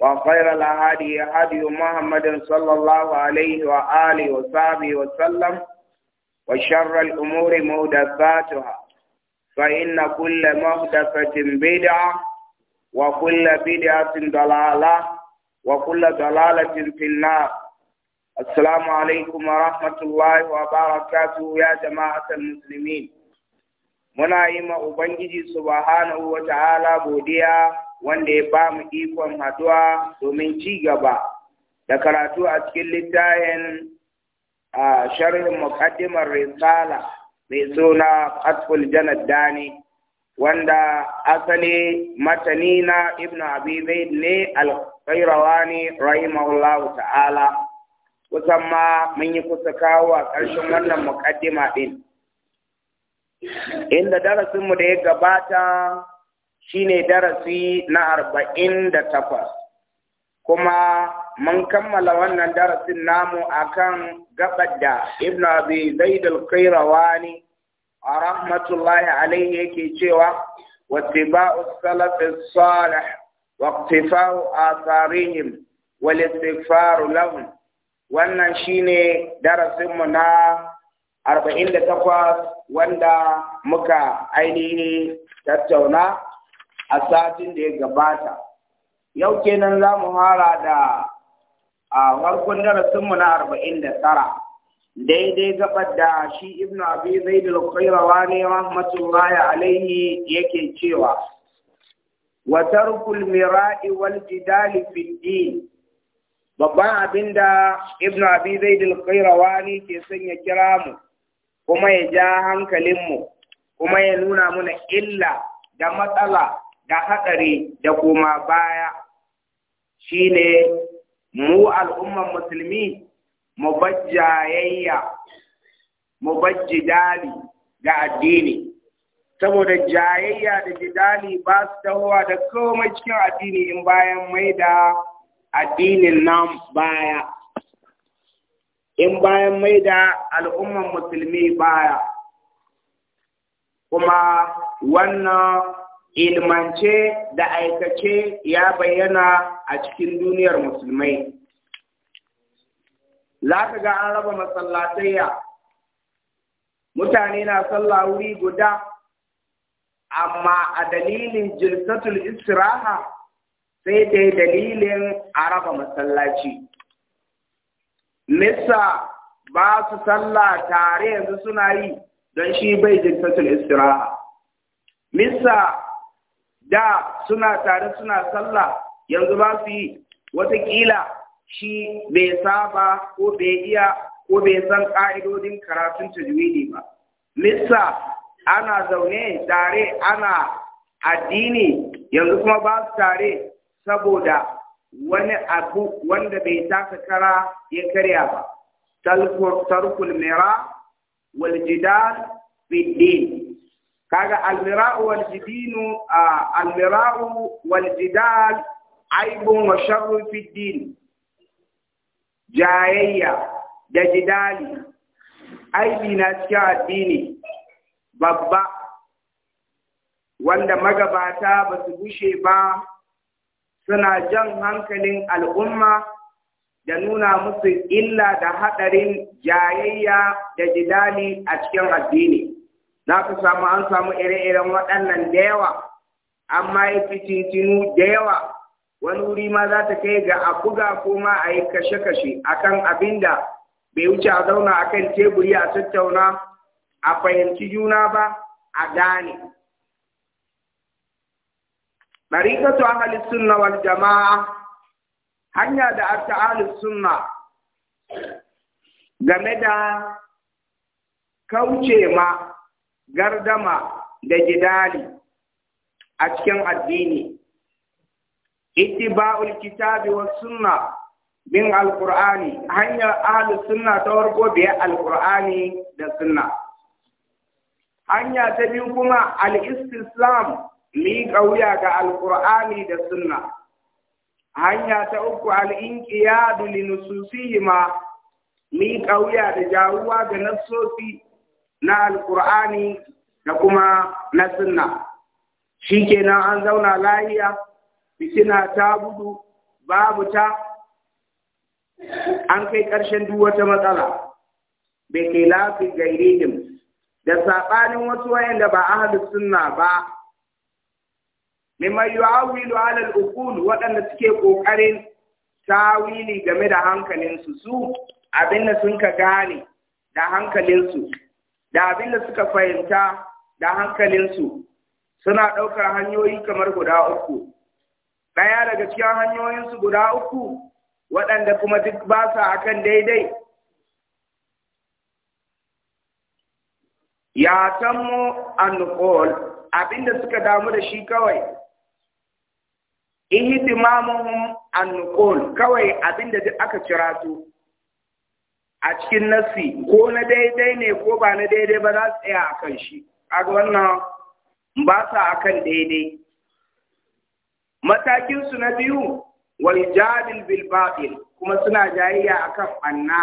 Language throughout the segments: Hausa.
وخير الهادي هدي محمد صلى الله عليه وآله وصحبه وسلم وشر الأمور محدثاتها فإن كل محدثة بدعة وكل بدعة ضلالة وكل ضلالة في النار السلام عليكم ورحمة الله وبركاته يا جماعة المسلمين muna yi ma Ubangiji subhanahu wa ta'ala godiya wanda ya ba mu ikon haduwa domin ci gaba da karatu a cikin littayin a sharhin muƙaddimar risala mai suna Qatful Janad Dani wanda asali matani na Ibn Abi Zaid ne al-Qayrawani rahimahullahu ta'ala kusan ma mun yi kusa kawo a ƙarshen wannan muqaddima din inda darasinmu da ya gabata shine darasi na arba'in da takwas kuma mun kammala wannan darasin namu akan gabar da ibn abi zaid al-qayrawani rahmatullahi alaihi yake cewa wattiba'u salaf as-salih wa iktifa'u atharihim wal istighfar lahum wannan shine darasin mu na arba'in da takwas wanda muka ainihi tattauna a satin da ya gabata yau kenan za mu fara da a farkon mu na arba'in da tara daidai gabar da shi Ibn abi zaid al-qayrawa ne rahmatullahi alaihi yake cewa wa tarkul mira'i wal jidali fid din babban abin da ibn abi zaid al ne ke son ya kira mu kuma ya ja hankalinmu kuma ya nuna muna illa da matsala da hatsari da kuma baya shine mu al'umman musulmi mu bajjayayya mu bajjidali ga addini saboda jayayya da jidali ba su tahowa da komai cikin addini in bayan mai da addinin nan baya in bayan mai da al'umman musulmi baya kuma wannan ilmance da aikace ya bayyana a cikin duniyar musulmai. Za ka ga an raba masallatayya, mutane na sallah wuri guda, amma a dalilin jilsatul istiraha sai dai dalilin a raba masallaci. Misa ba su sallah tare yanzu suna yi don shi bai jilsatul istiraha. Misa da suna tare suna sallah yanzu ba su yi watakila shi bai saba ko bai iya ko bai san ƙa'idodin karatun tajwidi ba. Mista ana zaune tare ana addini yanzu kuma ba su tare saboda wani abu wanda bai taka kara ya karya ba. Tarkul mira wal jidal kaga almira'u wal jidinu almira'u wal jidal aibun wa sharru fi din jayayya da jidali aibi na cikin addini babba wanda magabata ba su gushe ba suna jan hankalin al'umma da nuna musu illa da haɗarin jayayya da jidali a cikin addini. za ku samu an samu ire-iren waɗannan da yawa amma ya fitintinu da yawa wani wuri ma za ta kai ga a buga ko ma a yi kashe-kashe akan abin da bai wuce a zauna a kan teburi a tattauna a fahimci juna ba a gane. Ɗariƙatu ahalus sunna wal jama'a hanya da aka ahalus sunna game da kauce ma gardama da jidali a cikin addini ittiba'ul kitabi was sunna bin alqur'ani hanyar ahlus sunna ta farko biya alqur'ani da sunna hanya ta biyu kuma al-istislam mi kauya ga alqur'ani da sunna hanya ta uku al-inqiyadu linususihima mi kauya da jawuwa ga nassosi na alkur'ani da kuma na sunna Shi shikenan an zauna lahiya bikina ta gudu babu ta an kai ƙarshen duk wata matsala bai kai lafi gairihim da saɓanin wasu wayanda ba ahlus sunna ba yi wa wilo al ukulu waɗanda suke ƙoƙarin tawili game da hankalinsu su abinda sun ka gane da hankalinsu da abin da suka fahimta da hankalinsu suna ɗaukar hanyoyi kamar guda uku. Ɗaya daga cikin hanyoyinsu guda uku waɗanda kuma duk ba a akan daidai. Ya tammo abin da suka damu da shi kawai. Ihitimamuhum annukol kawai abin da duk aka cira su. a cikin nasi, ko na daidai ne ko ba na daidai ba za su tsaya a kan shi a wannan ba sa a kan daidai matakinsu na biyu wal jadil bil batil kuma suna jayayya akan anna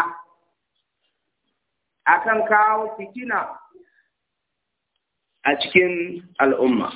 akan kawo fitina a cikin al'umma